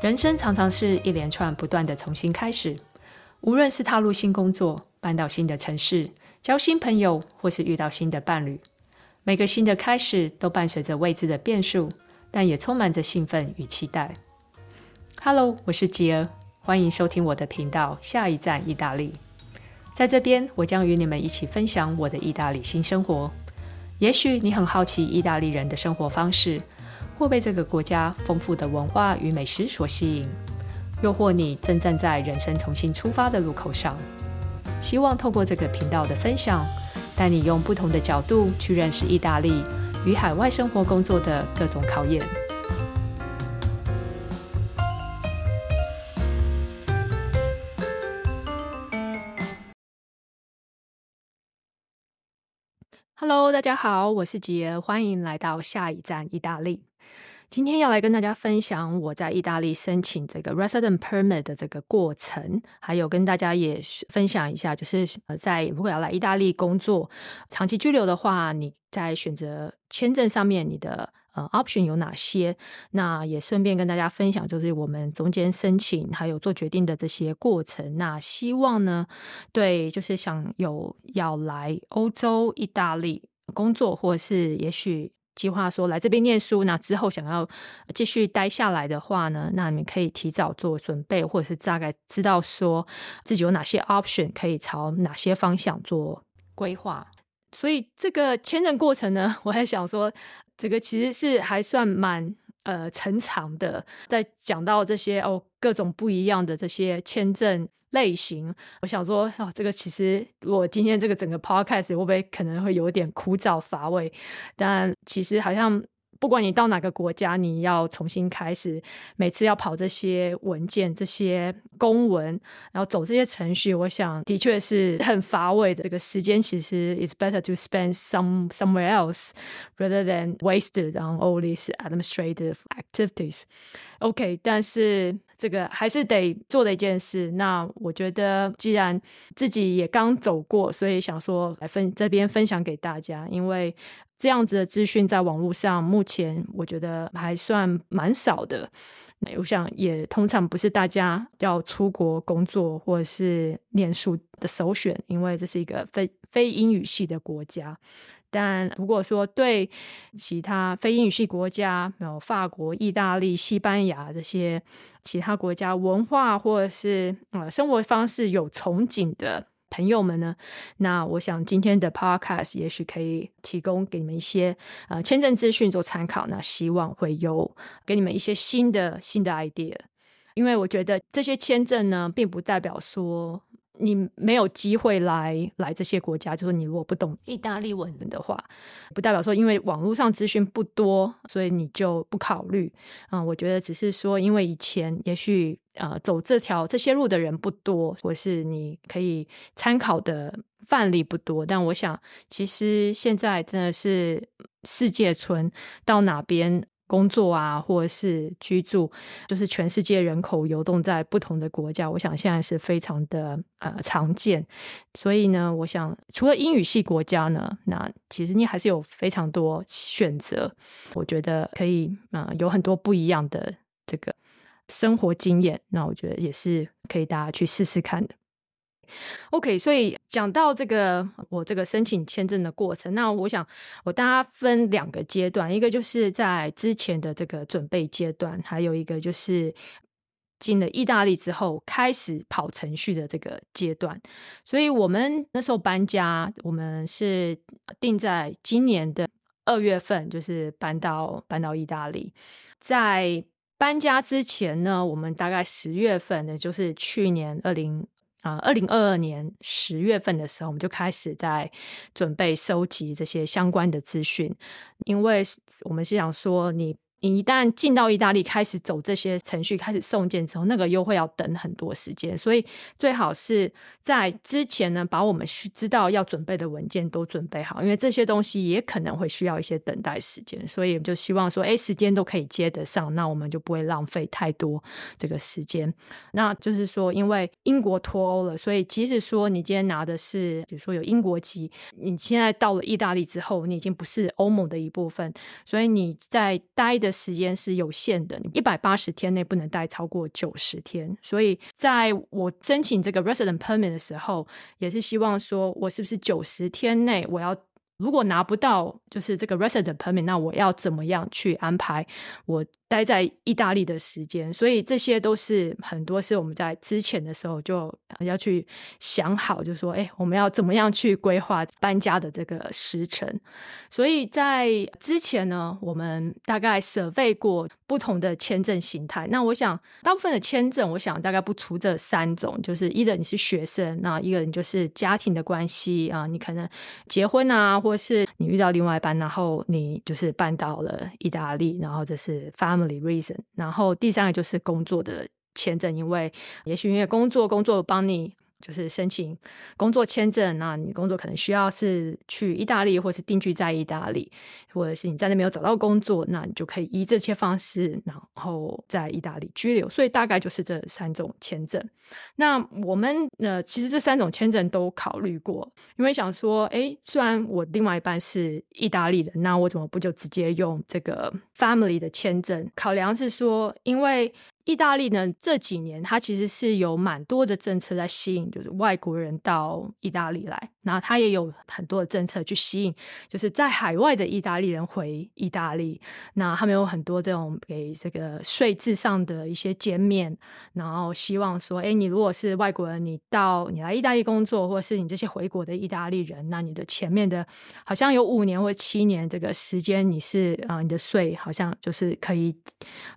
人生常常是一連串不斷的重新開始，無論是踏入新工作、搬到新的城市、交新朋友，或是遇到新的伴侶，每個新的開始都伴隨着未知的變數，但也充滿着興奮與期待。Hello，我是吉爾，歡迎收聽我的頻道《下一站意大利》。在這邊，我將與你們一起分享我的意大利新生活。也許你很好奇意大利人的生活方式。或被這個國家豐富的文化與美食所吸引，又或你正站在人生重新出發的路口上，希望透過這個頻道的分享，帶你用不同的角度去認識意大利與海外生活工作的各種考驗。Hello，大家好，我是杰，歡迎來到下一站意大利。今天要來跟大家分享我在意大利申請這個 Resident Permit 的這個過程，還有跟大家也分享一下，就是呃，在如果要來意大利工作長期居留的話，你在選擇簽證上面你的呃 option 有哪些？那也順便跟大家分享，就是我們中間申請還有做決定的這些過程。那希望呢，對，就是想有要來歐洲意大利工作，或者是也許。計劃說來這邊念書，那之後想要繼續待下來的話呢，那你們可以提早做準備，或者是大概知道說自己有哪些 option 可以朝哪些方向做規劃。所以這個簽證過程呢，我還想說，這個其實是還算蠻。呃，成長的，在講到這些哦，各種不一樣的這些簽證類型，我想說，哦，這個其實我今天這個整個 podcast 會不會可能會有點枯燥乏味，但其實好像。不管你到哪個國家，你要重新開始，每次要跑這些文件、這些公文，然後走這些程序，我想的確是很乏味的。這個時間其實 it's better to spend some somewhere else rather than wasted on all these administrative activities. OK，但是這個還是得做的一件事。那我覺得既然自己也剛走過，所以想說來分這邊分享給大家，因為。這樣子的資訊在網絡上，目前我覺得還算蠻少的。那我想也通常不是大家要出國工作或者是念書的首選，因為這是一個非非英語系的國家。但如果說對其他非英語系國家，有法國、意大利、西班牙這些其他國家文化或者是呃生活方式有憧憬的。朋友們呢，那我想今天的 podcast 也許可以提供給你們一些呃簽證資訊做參考。那希望會有給你們一些新的新的 idea，因為我覺得這些簽證呢，並不代表說你沒有機會來來這些國家就是你如果不懂意大利文的話，不代表說，因為網絡上資訊不多，所以你就不考慮啊，嗯。我覺得只是說，因為以前也許。呃，走這條這些路的人不多，或是你可以參考的範例不多。但我想，其實現在真的是世界村，到哪邊工作啊，或是居住，就是全世界人口流動在不同的國家。我想現在是非常的呃常見。所以呢，我想除了英語系國家呢，那其實你還是有非常多選擇。我覺得可以，呃，有很多不一樣的這個。生活經驗，那我覺得也是可以大家去試試看的。OK，所以講到這個，我這個申請簽證的過程，那我想我大家分兩個階段，一個就是在之前的這個準備階段，還有一個就是進了意大利之後開始跑程序的這個階段。所以我們那時候搬家，我們是定在今年的二月份，就是搬到，搬到意大利，在。搬家之前呢，我們大概十月份的，就是去年二零，呃，二零二二年十月份的時候，我們就開始在準備收集這些相關的資訊，因為我們是想說你。你一旦進到意大利，開始走這些程序，開始送件之後，那個又會要等很多時間，所以最好是在之前呢，把我們需知道要準備的文件都準備好，因為這些東西也可能會需要一些等待時間，所以就希望說，哎，時間都可以接得上，那我們就不會浪費太多這個時間。那就是說，因為英國脫歐了，所以即使說你今天拿的是，比如說有英國籍，你現在到了意大利之後，你已經不是歐盟的一部分，所以你在待的。時間是有限的，一百八十天內不能待超過九十天，所以在我申請這個 resident permit 的時候，也是希望說我是不是九十天內我要。如果拿不到就是這個 resident permit，那我要怎麼樣去安排我待在意大利的時間？所以這些都是很多是我們在之前的時候就要去想好，就說誒、欸，我們要怎麼樣去規劃搬家的這個時程。所以在之前呢，我們大概 survey 過。不同的簽證形態，那我想大部分的簽證，我想大概不出這三種，就是一人你是學生，那一個人就是家庭的關係啊，你可能結婚啊，或是你遇到另外一半，然後你就是搬到了意大利，然後這是 family reason，然後第三個就是工作的簽證，因為也許因為工作，工作幫你。就是申請工作簽證，那你工作可能需要是去意大利，或是定居在意大利，或者是你在那沒有找到工作，那你就可以以這些方式，然後在意大利居留。所以大概就是這三種簽證。那我們呢，呃，其實這三種簽證都考慮過，因為想說，哎，雖然我另外一半是意大利人，那我怎麼不就直接用這個 family 的簽證？考量是說，因為。意大利呢，這幾年，它其實是有蠻多的政策在吸引，就是外國人到意大利來。然後他也有很多的政策去吸引，就是在海外的意大利人回意大利。那他們有很多這種給這個稅制上的一些減免，然後希望說，哎，你如果是外國人，你到你來意大利工作，或者是你這些回國的意大利人，那你的前面的，好像有五年或七年這個時間，你是啊，呃，你的稅好像就是可以，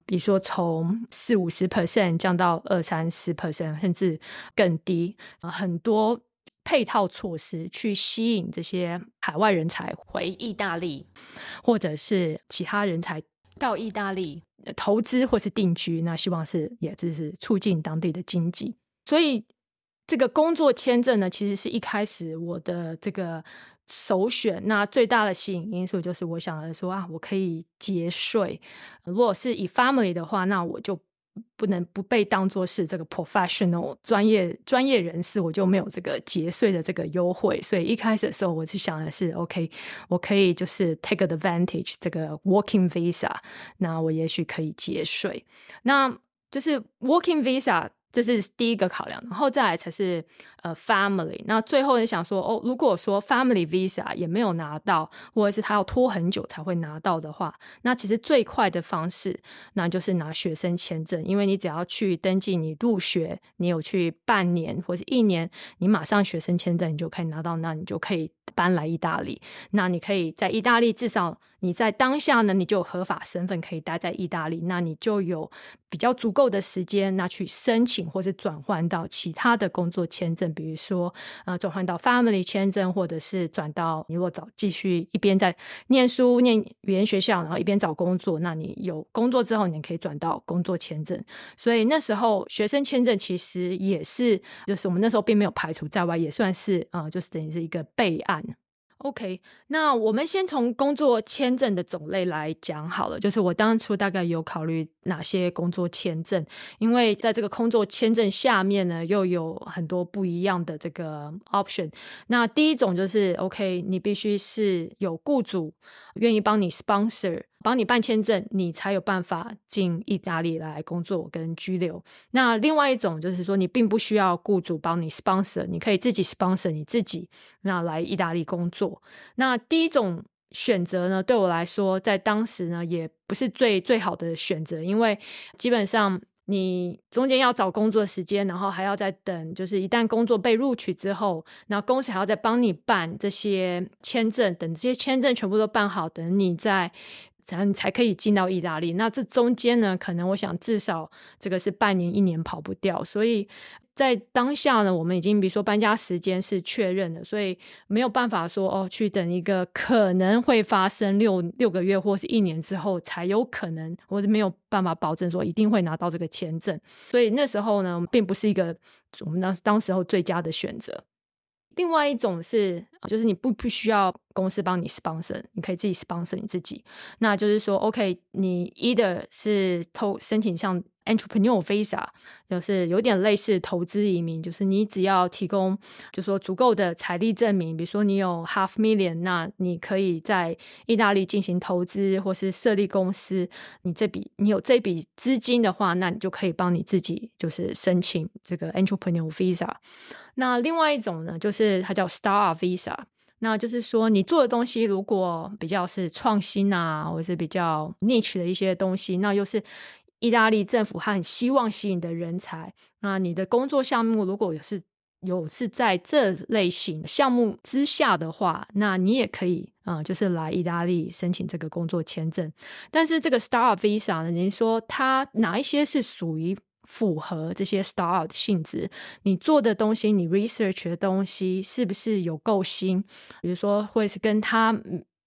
比如說從四。五十 percent 降到二三十 percent，甚至更低，呃，很多配套措施去吸引這些海外人才回意大利，或者是其他人才到意大利投資或是定居。那希望是，也就是促進當地的經濟。所以這個工作簽證呢，其實是一開始我的這個首選。那最大的吸引因素就是我想說啊，我可以節稅。如果是以 family 的話，那我就不能不被當做是這個 professional 專業專業人士，我就沒有這個節稅的這個優惠。所以一開始的時候，我是想的是，OK，我可以就是 take advantage 這個 working visa，那我也許可以節稅。那就是 working visa。這是第一個考量，然後再來才是呃 family。那最後也想說哦，如果說 family visa 也沒有拿到，或者是他要拖很久才會拿到的話，那其實最快的方式那就是拿學生簽證，因為你只要去登記你入學，你有去半年或者一年，你馬上學生簽證你就可以拿到，那你就可以搬來意大利。那你可以在意大利，至少你在當下呢，你就有合法身份可以待在意大利，那你就有比較足夠的時間，那去申請。或者轉換到其他的工作簽證，比如說啊、呃，轉換到 Family 簽證，或者是轉到你如果找繼續一邊在念書念語言學校，然後一邊找工作，那你有工作之後，你可以轉到工作簽證。所以那時候學生簽證其實也是，就是我們那時候並沒有排除在外，也算是啊、呃，就是等於是一個備案。OK，那我們先從工作簽證的種類來講好了。就是我當初大概有考慮哪些工作簽證，因為在這個工作簽證下面呢，又有很多不一樣的這個 option。那第一種就是 OK，你必須是有雇主願意幫你 sponsor。幫你辦簽證，你才有辦法進意大利來工作跟居留。那另外一種就是說，你並不需要僱主幫你 sponsor，你可以自己 sponsor 你自己，那來意大利工作。那第一種選擇呢，對我來說，在當時呢，也不是最最好的選擇，因為基本上你中間要找工作時間，然後還要再等，就是一旦工作被錄取之後，然後公司還要再幫你辦這些簽證，等這些簽證全部都辦好，等你在。咱才可以進到意大利。那這中間呢，可能我想至少這個是半年、一年跑不掉。所以在當下呢，我們已經比如說搬家時間是確認的，所以沒有辦法說哦，去等一個可能會發生六六個月或是一年之後才有可能，我沒有辦法保證說一定會拿到這個簽證。所以那時候呢，並不是一個我們當當時候最佳的選擇。另外一種是，就是你不不需要公司幫你 sponsor，你可以自己 sponsor 你自己。那就是說，OK，你 either 是投申請像 entrepreneur visa，就是有點類似投資移民，就是你只要提供，就說足夠的財力證明，比如說你有 half million，那你可以在意大利進行投資或是設立公司。你這筆你有這筆資金的話，那你就可以幫你自己就是申請這個 entrepreneur visa。那另外一種呢，就是它叫 Star Visa，那就是說，你做的東西如果比較是創新啊，或者是比較 niche 的一些東西，那又是意大利政府很希望吸引的人才，那你的工作項目如果有是有是在這類型項目之下的話，那你也可以啊、嗯，就是來意大利申請這個工作簽證。但是這個 Star Visa 呢，您、就是、說它哪一些是屬於？符合這些 style 的性質，你做的東西，你 research 的東西，是不是有夠新？比如說，會是跟他，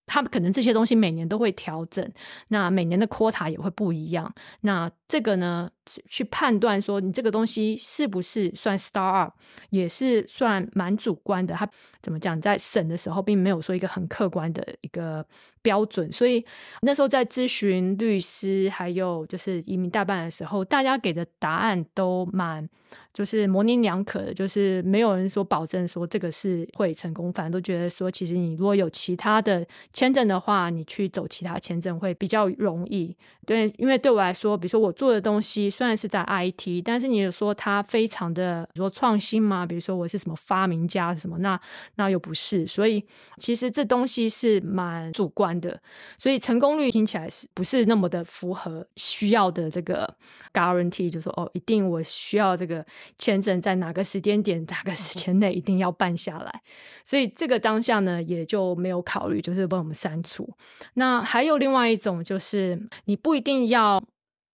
他們可能這些東西每年都會調整，那每年的 quota 也會不一樣，那這個呢？去判斷說你這個東西是不是算 startup，也是算蠻主觀的。他怎麼講，在審的時候並沒有說一個很客觀的一個標準。所以那時候在諮詢律師，還有就是移民代辦的時候，大家給的答案都蠻就是模棱兩可的，就是沒有人說保證說這個是會成功。反正都覺得說，其實你如果有其他的簽證的話，你去走其他簽證會比較容易。對，因為對我來說，比如說我做的東西。雖然是在 IT，但是你有說他非常的比如說創新嘛，比如說我是什麼發明家什麼？那那又不是。所以其實這東西是蠻主觀的。所以成功率聽起來是不是那麼的符合需要的這個 guarantee？就是說哦，一定我需要這個簽證在哪個時間點、哪個時間內一定要辦下來。所以這個當下呢，也就沒有考慮，就是幫我們刪除。那還有另外一種，就是你不一定要。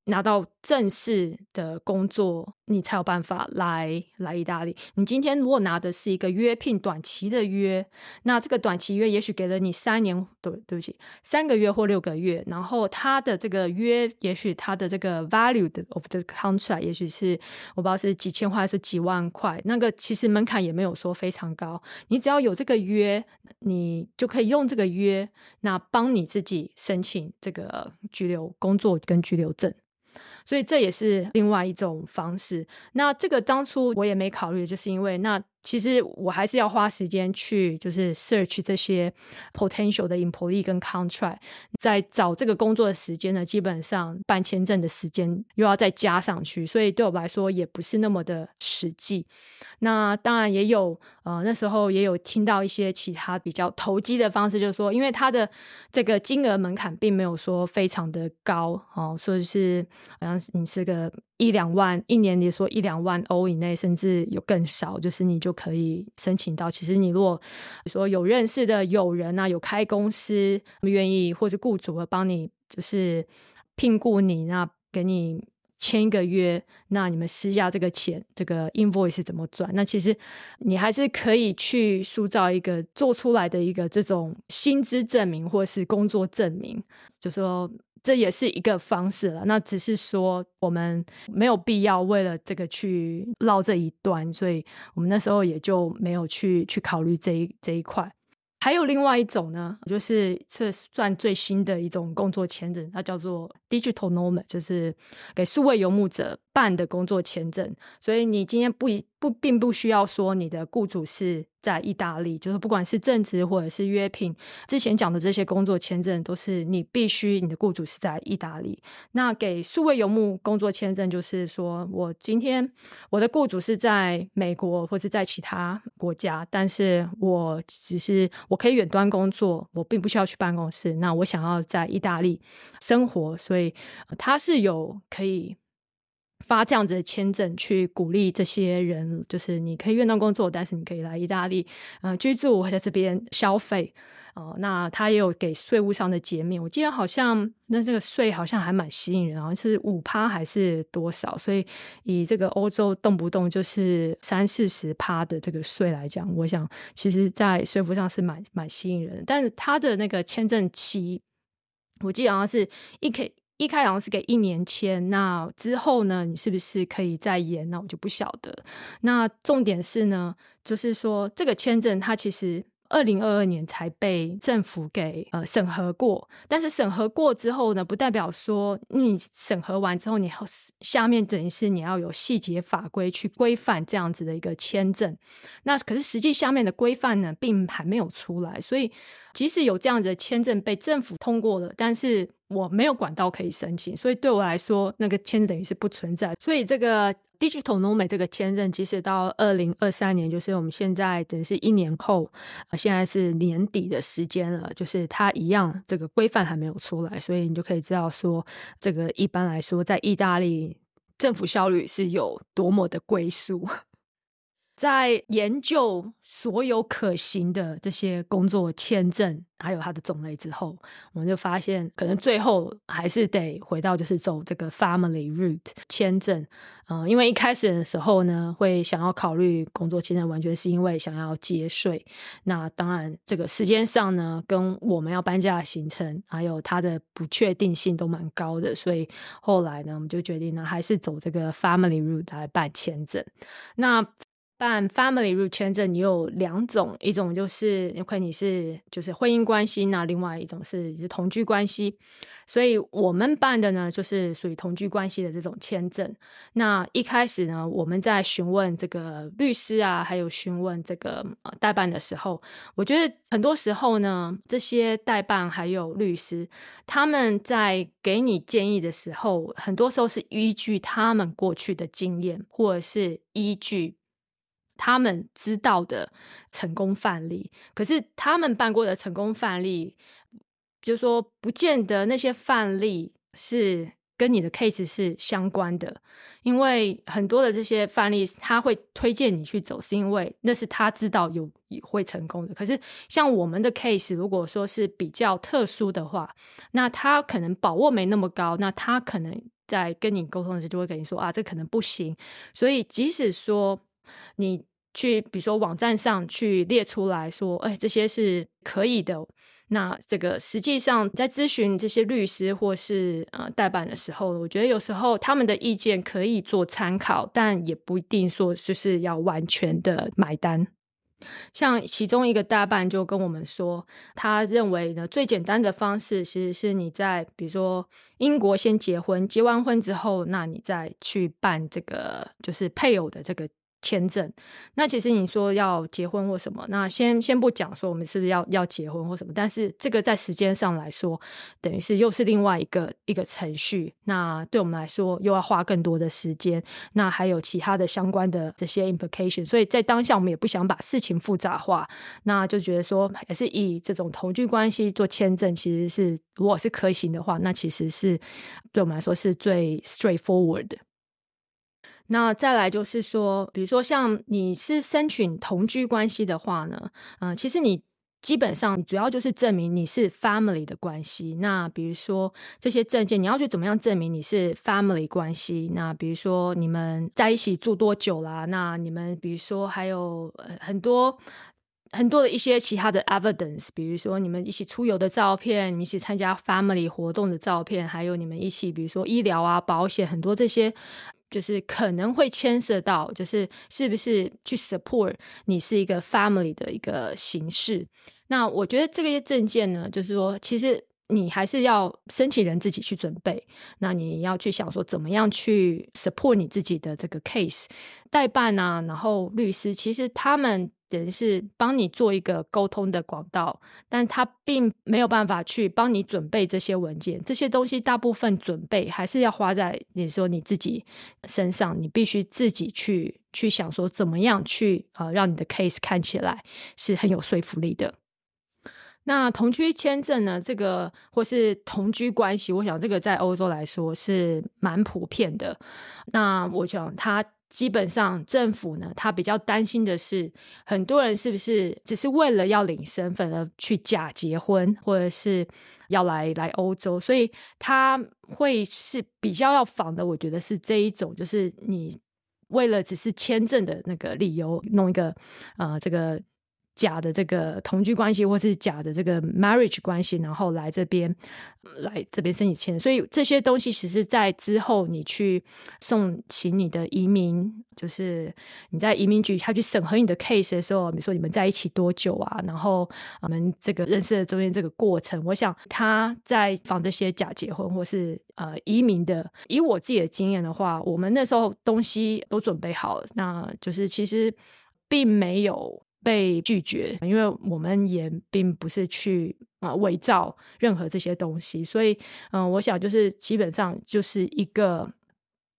拿到正式的工作，你才有辦法來來意大利。你今天如果拿的是一個約聘短期的約，那這個短期約也許給了你三年，對，對不起，三個月或六個月。然後他的這個約，也許他的這個 value 的 of the contract，也許是我不知道是幾千塊還是幾萬塊。那個其實門檻也沒有說非常高，你只要有這個約，你就可以用這個約，那幫你自己申請這個居留工作跟居留證。所以這也是另外一種方式。那這個當初我也沒考慮，就是因為那。其實我還是要花時間去，就是 search 這些 potential 的 employee 跟 contract，在找這個工作的時間呢，基本上辦簽證的時間又要再加上去，所以對我來說也不是那麼的實際。那當然也有，呃，那時候也有聽到一些其他比較投機的方式，就是說，因為它的這個金額門檻並沒有說非常的高哦，呃，所以是好像是你是個。一兩萬一年，你說一兩萬歐以內，甚至有更少，就是你就可以申請到。其實你若如果說有認識的友人啊，有開公司願意或者雇主幫你，就是聘雇你，那給你簽一個約，那你們私下這個錢，這個 invoice 怎麼轉？那其實你還是可以去塑造一個做出來的一個這種薪資證明或是工作證明，就是說。這也是一個方式了，那只是說我們沒有必要為了這個去繞這一段，所以我們那時候也就沒有去去考慮這一這一塊。還有另外一種呢，就是這算最新的一種工作簽證，它叫做 Digital Nomad，就是給數位游牧者，辦的工作簽證，所以你今天不一，不並不需要說你的雇主是在意大利，就是不管是正職或者是約聘，之前講的這些工作簽證都是你必須你的雇主是在意大利。那給數位游牧工作簽證，就是說我今天我的雇主是在美國或是在其他國家，但是我只是我可以遠端工作，我並不需要去辦公室。那我想要在意大利生活，所以它是有可以。發這樣子的簽證去鼓勵這些人，就是你可以遠端工作，但是你可以來意大利，呃，居住或者在這邊消費。哦，那他也有給稅務上的減免，我記得好像那這個稅好像還蠻吸引人，好像是五趴還是多少？所以以這個歐洲動不動就是三四十趴的這個稅來講，我想其實在稅務上是蠻蠻吸引人的。但是他的那個簽證期，我記得好像是一 k。一開好像是給一年簽，那之後呢？你是不是可以再延？那我就不曉得。那重點是呢，就是說這個簽證它其實二零二二年才被政府給呃審核過，但是審核過之後呢，不代表說你審核完之後，你下面等於是你要有細節法規去規範這樣子的一個簽證。那可是實際下面的規範呢，並還沒有出來，所以即使有這樣子的簽證被政府通過了，但是我沒有管道可以申請，所以對我來說，那個簽證等於是不存在。所以這個 digital nomad 這個簽證，其實到二零二三年，就是我們現在等於是一年後、呃，現在是年底的時間了，就是它一樣，這個規範還沒有出來，所以你就可以知道說，這個一般來說，在意大利政府效率是有多麼的龜速。在研究所有可行的這些工作簽證，還有它的種類之後，我們就發現可能最後還是得回到就是走這個 family route 簽證。嗯，因為一開始的時候呢，會想要考慮工作簽證，完全是因為想要節稅。那當然，這個時間上呢，跟我們要搬家的行程，還有它的不確定性都蠻高的。所以後來呢，我們就決定呢，還是走這個 family route 來辦簽證。那辦 family 入簽證，你有兩種，一種就是你可以你是就是婚姻關係，那另外一種是是同居關係。所以我們辦的呢，就是屬於同居關係的這種簽證。那一開始呢，我們在詢問這個律師啊，還有詢問這個呃代辦的時候，我覺得很多時候呢，這些代辦還有律師，他們在給你建議的時候，很多時候是依據他們過去的經驗，或者是依據。他們知道的成功範例，可是他們辦過的成功範例，就說不見得那些範例是跟你的 case 是相關的，因為很多的這些範例，他會推薦你去走，是因為那是他知道有會成功的。可是像我們的 case，如果說是比較特殊的話，那他可能把握沒那麼高，那他可能在跟你溝通的時候就會跟你說啊，這可能不行。所以即使說。你去，比如說網站上去列出來說，哎，這些是可以的。那這個實際上在諮詢這些律師或是呃代辦的時候，我覺得有時候他們的意見可以做參考，但也不一定說就是要完全的買單。像其中一個代辦就跟我們說，他認為呢，最簡單的方式其實是你在比如說英國先結婚，結完婚之後，那你再去辦這個就是配偶的這個。簽證，那其實你說要結婚或什麼，那先先不講說我們是不是要要結婚或什麼，但是這個在時間上來說，等於是又是另外一個一個程序，那對我們來說又要花更多的時間，那還有其他的相關的這些 implication，所以在當下我們也不想把事情複雜化，那就覺得說，還是以這種同居關係做簽證，其實是如果是可行的話，那其實是對我們來說是最 straightforward 的那再來就是說，比如說像你是申請同居關係的話呢，嗯、呃，其實你基本上主要就是證明你是 family 的關係。那比如說這些證件，你要去怎麼樣證明你是 family 關係？那比如說你們在一起住多久啦，那你們比如說還有很多很多的一些其他的 evidence，比如說你們一起出遊的照片，你一起參加 family 活動的照片，還有你們一起比如說醫療啊、保險很多這些。就是可能會牽涉到，就是是不是去 support 你是一個 family 的一個形式。那我覺得這些證件呢，就是說，其實你還是要申請人自己去準備。那你要去想說，怎麼樣去 support 你自己的這個 case，代辦啊，然後律師，其實他們。人是幫你做一個溝通的管道，但他並沒有辦法去幫你準備這些文件，這些東西大部分準備還是要花在你說你自己身上，你必須自己去去想說怎麼樣去呃讓你的 case 看起來是很有說服力的。那同居簽證呢？這個或是同居關係，我想這個在歐洲來說是蠻普遍的。那我想他。基本上，政府呢，他比較擔心的是，很多人是不是只是為了要領身份而去假結婚，或者是要來來歐洲，所以他會是比較要防的。我覺得是這一種，就是你為了只是簽證的那個理由，弄一個呃這個。假的這個同居關係，或是假的這個 marriage 關係，然後來這邊來這邊申請簽，所以這些東西，其實在之後你去送請你的移民，就是你在移民局他去審核你的 case 的時候，比如說你們在一起多久啊，然後我們這個認識的中間這個過程，我想他在防這些假結婚或是呃移民的。以我自己的經驗的話，我們那時候東西都準備好，那就是其實並沒有。被拒絕，因為我們也並不是去啊、呃、偽造任何這些東西，所以嗯、呃，我想就是基本上就是一個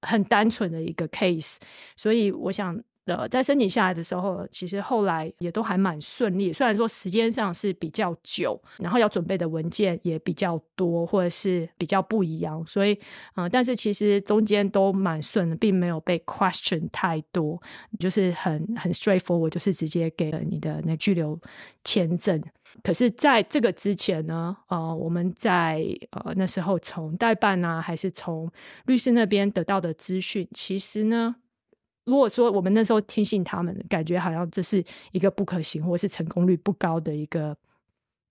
很單純的一個 case，所以我想。呃，在申請下來的時候，其實後來也都還蠻順利，雖然說時間上是比較久，然後要準備的文件也比較多，或者是比較不一樣，所以，嗯、呃，但是其實中間都蠻順的，並沒有被 question 太多，就是很很 straightforward，就是直接給了你的那居留簽證。可是，在這個之前呢，呃，我們在呃那時候從代辦啊，還是從律師那邊得到的資訊，其實呢。如果說我們那時候聽信他們，感覺好像這是一個不可行，或是成功率不高的一個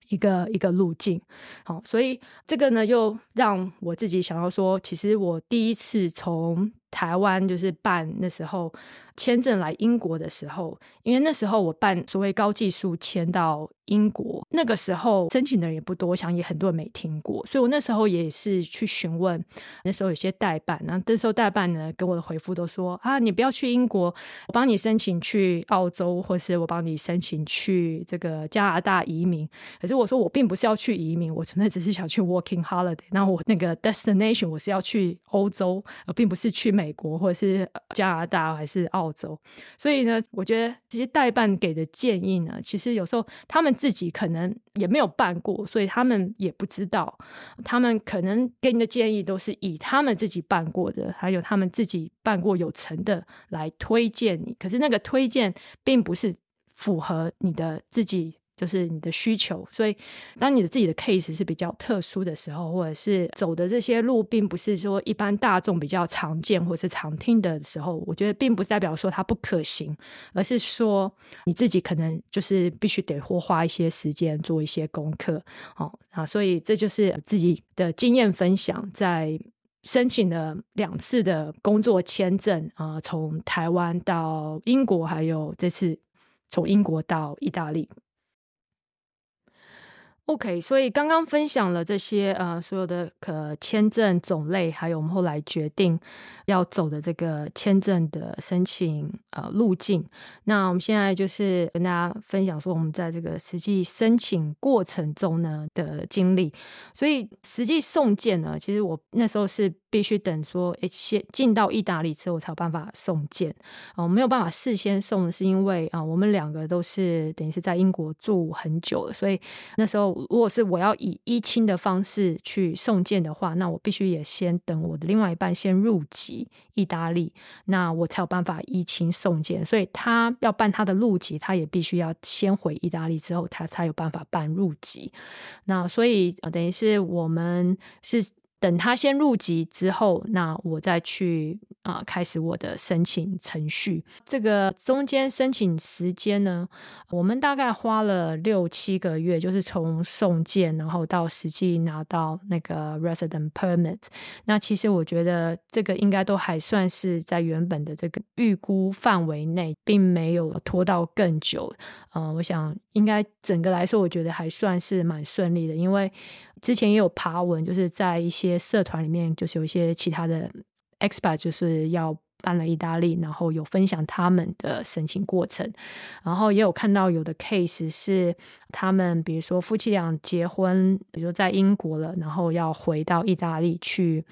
一個一個路徑，好，所以這個呢，又讓我自己想要說，其實我第一次從台灣就是辦那時候，簽證來英國的時候，因為那時候我辦所謂高技術簽到英國，那個時候申請的人也不多，我想也很多人沒聽過，所以我那時候也是去詢問，那時候有些代辦，那那時候代辦呢給我的回復都說啊，你不要去英國，我幫你申請去澳洲，或是我幫你申請去這個加拿大移民。可是我說我並不是要去移民，我真的只是想去 working holiday，那我那個 destination 我是要去歐洲，而並不是去美國或者是加拿大還是澳。澳洲，所以呢，我覺得這些代辦給的建議呢，其實有時候他們自己可能也沒有辦過，所以他們也不知道，他們可能給你的建議都是以他們自己辦過的，還有他們自己辦過有成的來推薦你，可是那個推薦並不是符合你的自己。就是你的需求，所以當你的自己的 case 是比較特殊的時候，或者是走的這些路並不是說一般大眾比較常見或者是常聽的時候，我覺得並不代表說它不可行，而是說你自己可能就是必須得花一些時間做一些功課，哦啊，所以這就是自己的經驗分享，在申請了兩次的工作簽證啊、呃，從台灣到英國，還有這次從英國到意大利。OK，所以剛剛分享了這些呃所有的可簽證種類，還有我們後來決定要走的這個簽證的申請呃路徑。那我們現在就是跟大家分享說，我們在這個實際申請過程中呢的經歷。所以實際送件呢，其實我那時候是必須等說誒先進到意大利之後，我才有辦法送件啊，呃、我沒有辦法事先送，是因為啊、呃、我們兩個都是等於是在英國住很久了，所以那時候。如果是我要以依親的方式去送件的話，那我必須也先等我的另外一半先入籍意大利，那我才有辦法依親送件，所以他要辦他的入籍，他也必須要先回意大利之後，他才有辦法辦入籍。那所以，呃，等於是我們是。等他先入籍之後，那我再去啊、呃、開始我的申請程序。這個中間申請時間呢，我們大概花了六七個月，就是從送件然後到實際拿到那個 resident permit。那其實我覺得這個應該都還算是在原本的這個預估範圍內，並沒有拖到更久。嗯、呃，我想應該整個來說，我覺得還算是蠻順利的，因為。之前也有爬文，就是在一些社團裡面，就是有一些其他的 expert 就是要搬來意大利，然後有分享他們的申請過程，然後也有看到有的 case 是他們，比如說夫妻倆結婚，比如說在英國了，然後要回到意大利去，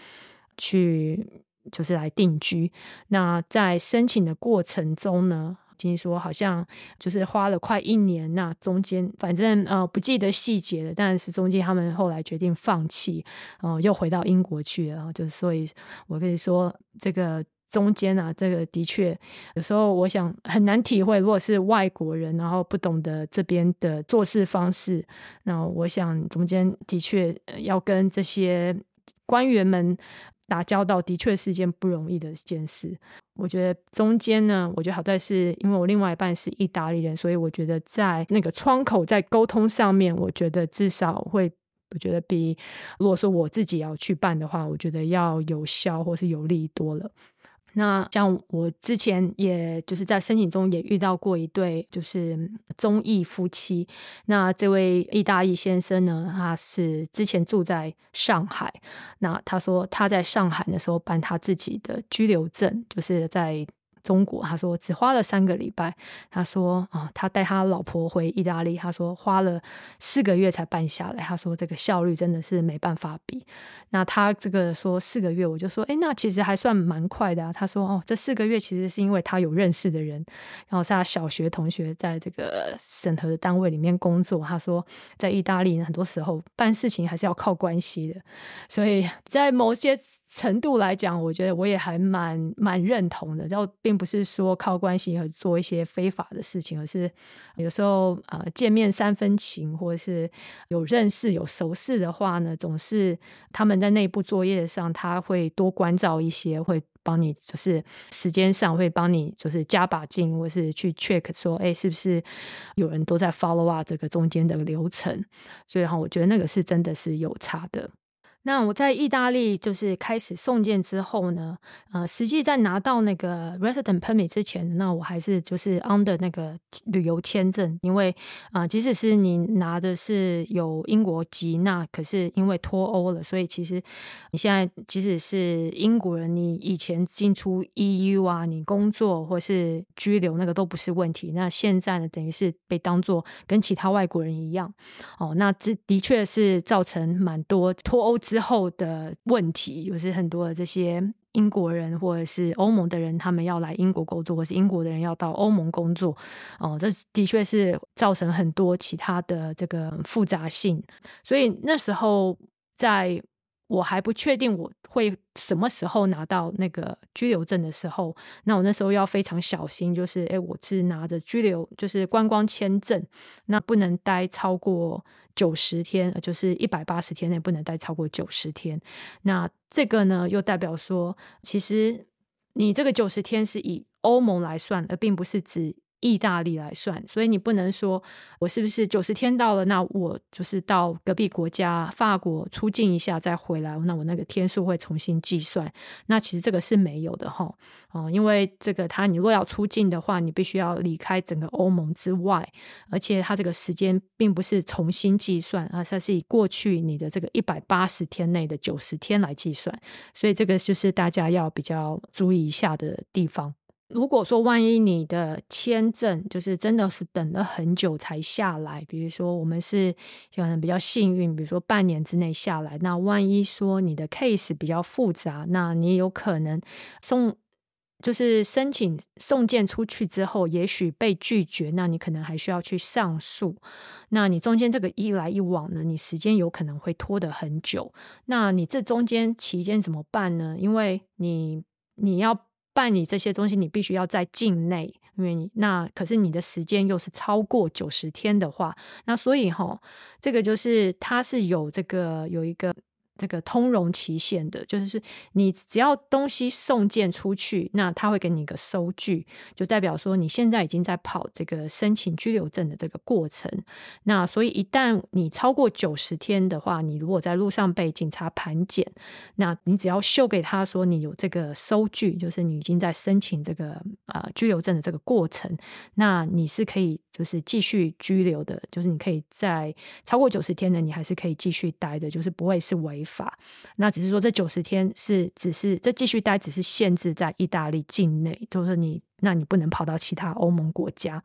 去就是來定居。那在申請的過程中呢，聽說好像就是花了快一年吶、啊，中間反正呃不記得細節了，但是中間他們後來決定放棄，然、呃、後又回到英國去了，然後就是所以我可以說這個中間啊，這個的確有時候我想很難體會，如果是外國人，然後不懂得這邊的做事方式，那我想中間的確要跟這些官員們打交道的確是一件不容易的一件事。我覺得中間呢，我覺得好在是因為我另外一半是意大利人，所以我覺得在那個窗口，在溝通上面，我覺得至少會，我覺得比如果說我自己要去辦的話，我覺得要有效或是有利多了。那像我之前，也就是在申請中也遇到過一對，就是中意夫妻。那這位意大利先生呢，他是之前住在上海。那他說他在上海的時候辦他自己的居留證，就是在。中國，他說只花了三個禮拜。他說，啊、哦，他帶他老婆回意大利，他說花了四個月才辦下來。他說這個效率真的是沒辦法比。那他這個說四個月，我就說，誒，那其實還算蠻快的啊。他說，哦，這四個月其實是因為他有認識的人，然後是他小學同學在這個審核的單位裡面工作。他說，在意大利呢，很多時候辦事情還是要靠關係的，所以在某些。程度來講，我覺得我也還蠻蠻認同的。然後並不是說靠關係和做一些非法的事情，而是有時候呃，見面三分情，或者是有認識有熟識的話呢，總是他們在內部作業上他會多關照一些，會幫你就是時間上會幫你就是加把勁，或是去 check 說，哎，欸，是不是有人都在 follow up 這個中間的流程。所以哈，我覺得那個是真的是有差的。那我在意大利，就是開始送件之後呢，呃，實際在拿到那個 resident permit 之前，那我還是就是 under 那個旅遊簽證，因為啊、呃，即使是你拿的是有英國籍，那可是因為脫歐了，所以其實你現在即使是英國人，你以前進出 EU 啊，你工作或是居留那個都不是問題。那現在呢，等於是被當作跟其他外國人一樣哦。那這的確是造成蠻多脫歐。之後的問題，有、就是很多的這些英國人或者是歐盟的人，他們要來英國工作，或是英國的人要到歐盟工作，哦，這的確是造成很多其他的這個複雜性。所以那時候在。我還不確定我會什麼時候拿到那個居留證的時候，那我那時候要非常小心，就是誒我是拿着居留，就是觀光簽證，那不能待超過九十天，就是一百八十天內不能待超過九十天。那這個呢，又代表說，其實你這個九十天是以歐盟來算，而並不是指。意大利來算，所以你不能說我是不是九十天到了，那我就是到隔壁國家法國出境一下再回來，那我那個天數會重新計算。那其實這個是沒有的哈，哦，因為這個它，你如果要出境的話，你必須要離開整個歐盟之外，而且它這個時間並不是重新計算啊，它是以過去你的這個一百八十天內的九十天來計算，所以這個就是大家要比較注意一下的地方。如果說萬一你的簽證就是真的是等了很久才下來，比如說我們是可能比較幸運，比如說半年之內下來，那萬一說你的 case 比較複雜，那你有可能送就是申請送件出去之後，也許被拒絕，那你可能還需要去上訴。那你中間這個一來一往呢，你時間有可能會拖得很久。那你這中間期間怎麼辦呢？因為你你要。辦理這些東西，你必須要在境內，因為你那可是你的時間又是超過九十天的話，那所以吼，這個就是它是有這個有一個。這個通融期限的，就是你只要東西送件出去，那他會給你一個收據，就代表說你現在已經在跑這個申請居留證的這個過程。那所以一旦你超過九十天的話，你如果在路上被警察盤檢，那你只要秀給他說你有這個收據，就是你已經在申請這個拘、呃、居留證的這個過程，那你是可以就是繼續居留的，就是你可以在超過九十天呢，你還是可以繼續待的，就是不會是違法法，那只是說，這九十天是只是這繼續待，只是限制在意大利境內，就是你，那你不能跑到其他歐盟國家。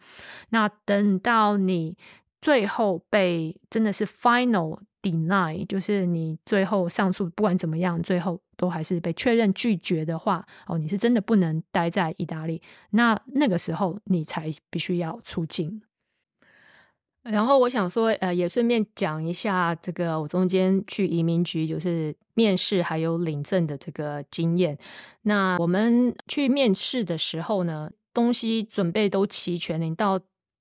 那等到你最後被真的是 final deny，就是你最後上訴不管怎麼樣，最後都還是被確認拒絕的話，哦，你是真的不能待在意大利。那那個時候你才必須要出境。然後我想說，呃，也順便講一下這個我中間去移民局就是面試還有領證的這個經驗。那我們去面試的時候呢，東西準備都齊全了，你到。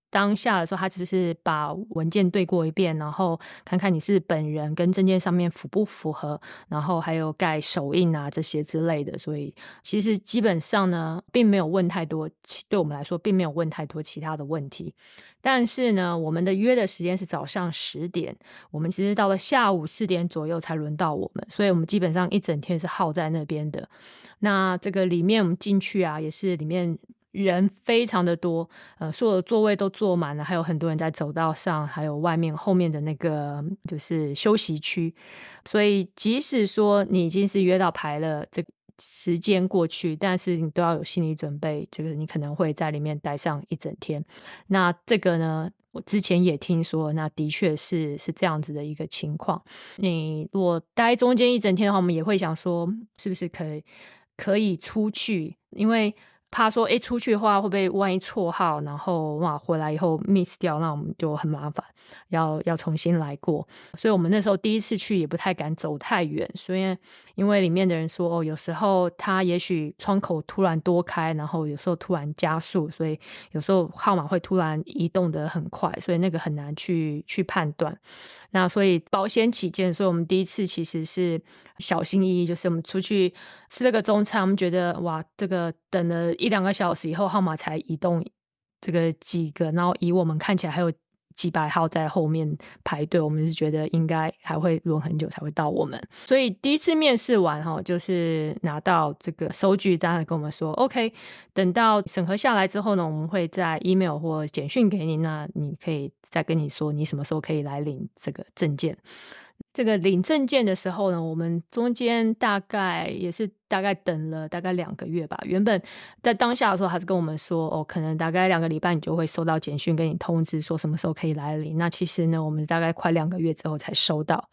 當下的時候，他只是把文件對過一遍，然後看看你是不是本人跟證件上面符不符合，然後還有蓋手印啊這些之類的。所以其實基本上呢，並沒有問太多，對我們來說並沒有問太多其他的問題。但是呢，我們的約的時間是早上十點，我們其實到了下午四點左右才輪到我們，所以我們基本上一整天是耗在那邊的。那這個裡面我們進去啊，也是裡面。人非常的多，呃，所有的座位都坐滿了，還有很多人在走道上，還有外面後面的那個就是休息區，所以即使說你已經是約到牌了，這時間過去，但是你都要有心理準備，這個你可能會在裡面待上一整天。那這個呢，我之前也聽說，那的確是是這樣子的一個情況。你如果待中間一整天的話，我們也會想說，是不是可以可以出去，因為。怕說，誒、欸、出去的話會不會萬一錯號，然後哇，回來以後 miss 掉，那我們就很麻煩。要要重新來過，所以我們那時候第一次去也不太敢走太遠，所以因為裡面的人說，哦，有時候他也許窗口突然多開，然後有時候突然加速，所以有時候號碼會突然移動得很快，所以那個很難去去判斷。那所以保險起見，所以我們第一次其實是小心翼翼，就是我們出去吃了個中餐，我們覺得哇，這個等了一兩個小時以後號碼才移動這個幾個，然後以我們看起來還有。幾百號在後面排隊，我們是覺得應該還會輪很久才會到我們，所以第一次面試完哈，就是拿到這個收據，當然跟我們說 OK，等到審核下來之後呢，我們會再 email 或簡訊給你，那你可以再跟你說你什麼時候可以來領這個證件。這個領證件的時候呢，我們中間大概也是大概等了大概兩個月吧。原本在當下的時候，他是跟我們說哦，可能大概兩個禮拜你就會收到簡訊，跟你通知說什麼時候可以來領。那其實呢，我們大概快兩個月之後才收到。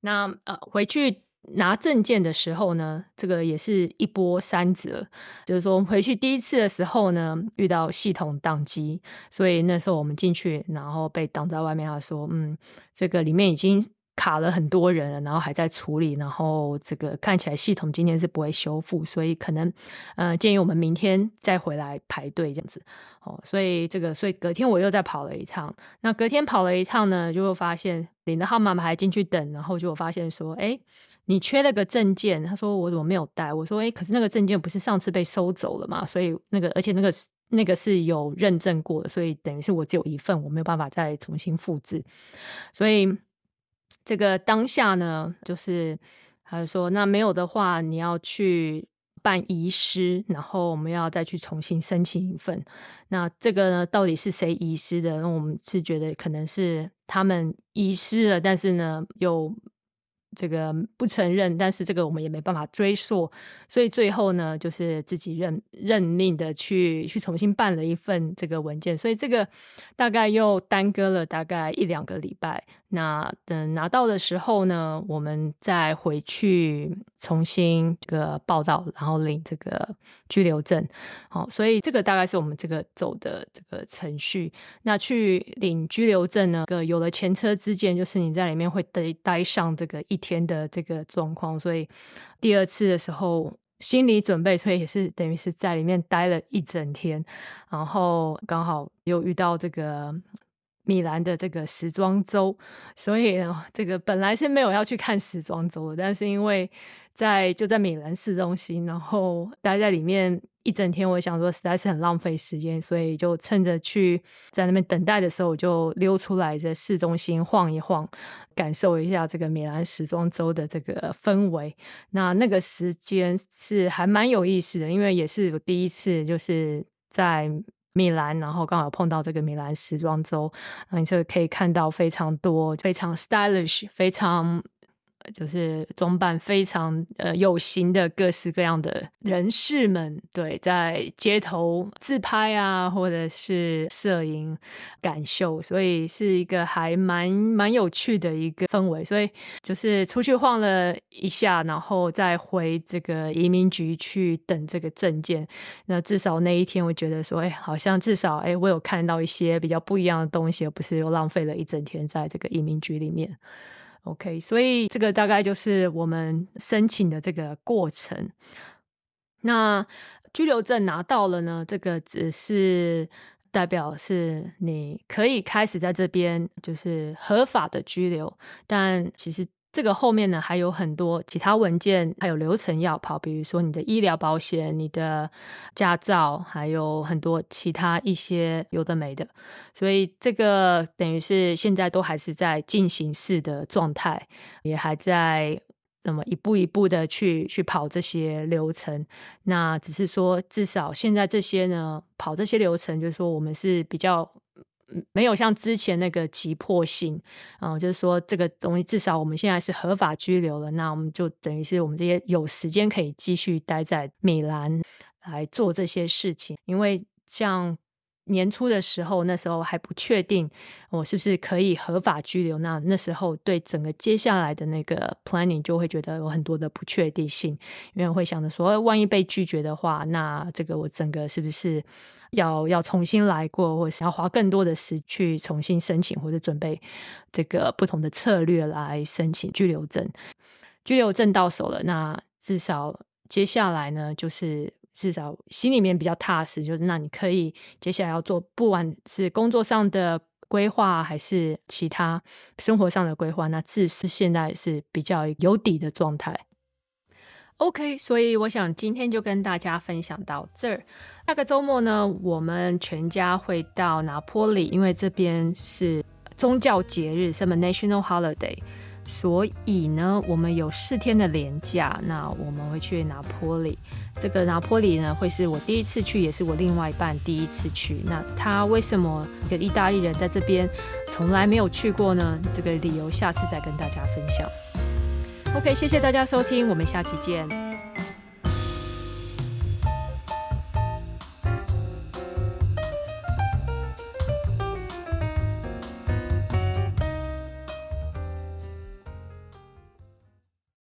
那呃，回去拿證件的時候呢，這個也是一波三折。就是說，我們回去第一次的時候呢，遇到系統宕機，所以那時候我們進去，然後被擋在外面。他說，嗯，這個裡面已經。卡了很多人，然後還在處理，然後這個看起來系統今天是不會修復，所以可能，呃，建議我們明天再回來排隊這樣子。哦，所以這個，所以隔天我又再跑了一趟。那隔天跑了一趟呢，就又發現領了號碼牌進去等，然後就發現說，哎，你缺了個證件。他說我怎麼沒有帶？我說，哎，可是那個證件不是上次被收走了嘛？所以那個，而且那個那個是有認證過的，所以等於是我只有一份，我沒有辦法再重新複制，所以。這個當下呢，就是還是說，那沒有的話，你要去辦遺失，然後我們要再去重新申請一份。那這個呢，到底是誰遺失的？那我們是覺得可能是他們遺失了，但是呢，有。這個不承認，但是這個我們也沒辦法追溯，所以最後呢，就是自己認認命的去去重新辦了一份這個文件，所以這個大概又耽擱了大概一兩個禮拜。那等拿到的時候呢，我們再回去。重新這個報到，然後領這個居留證。好，所以這個大概是我們這個走的這個程序。那去領居留證呢，這個有了前車之鑑，就是你在裡面會待待上這個一天的這個狀況，所以第二次的時候心理準備，所以也是等於是在裡面待了一整天，然後剛好又遇到這個。米蘭的這個時裝週，所以呢，這個本來是沒有要去看時裝週的，但是因為在就在米蘭市中心，然後待在裡面一整天，我想說實在是很浪費時間，所以就趁着去在那邊等待的時候，我就溜出來在市中心晃一晃，感受一下這個米蘭時裝週的這個氛圍。那那個時間是還蠻有意思的，因為也是我第一次就是在。米蘭，然後剛好碰到這個米蘭時裝週，然後你就可以看到非常多、非常 stylish、非常。就是裝扮非常呃有型的各式各樣的人士們，對，在街頭自拍啊，或者是攝影感受。所以是一個還蠻蠻有趣的一個氛圍。所以就是出去晃了一下，然後再回這個移民局去等這個證件。那至少那一天，我覺得說，哎，好像至少哎，我有看到一些比較不一樣的東西，而不是又浪費了一整天在這個移民局裡面。OK，所以這個大概就是我們申請的這個過程。那居留證拿到了呢，這個只是代表是你可以開始在這邊就是合法的居留，但其實。這個後面呢，還有很多其他文件，還有流程要跑，比如說你的醫療保險、你的駕照，還有很多其他一些有的沒的。所以這個等於是現在都還是在進行式的狀態，也還在那麼一步一步的去去跑這些流程。那只是說，至少現在這些呢，跑這些流程，就是說我們是比較。沒有像之前那個急迫性。嗯，就是說這個東西，至少我們現在是合法居留了，那我們就等於是我們這些有時間可以繼續待在米蘭來做這些事情，因為像。年初的時候，那時候還不確定我是不是可以合法居留，那那時候對整個接下來的那個 planning 就會覺得有很多的不確定性，因為我會想着說，萬一被拒絕的話，那這個我整個是不是要要重新來過，或者是要花更多的時間去重新申請，或者準備這個不同的策略來申請居留證。居留證到手了，那至少接下來呢，就是。至少心裡面比較踏實，就是那你可以接下來要做，不管是工作上的規劃還是其他生活上的規劃，那至是現在是比較有底的狀態。OK，所以我想今天就跟大家分享到這兒。下、那個周末呢，我們全家會到拿坡里，因為這邊是宗教節日，什麼 national holiday。所以呢，我們有四天的連假，那我們會去拿坡里。這個拿坡里呢，會是我第一次去，也是我另外一半第一次去。那他為什麼跟意大利人在這邊從來沒有去過呢？這個理由下次再跟大家分享。OK，謝謝大家收聽，我們下期見。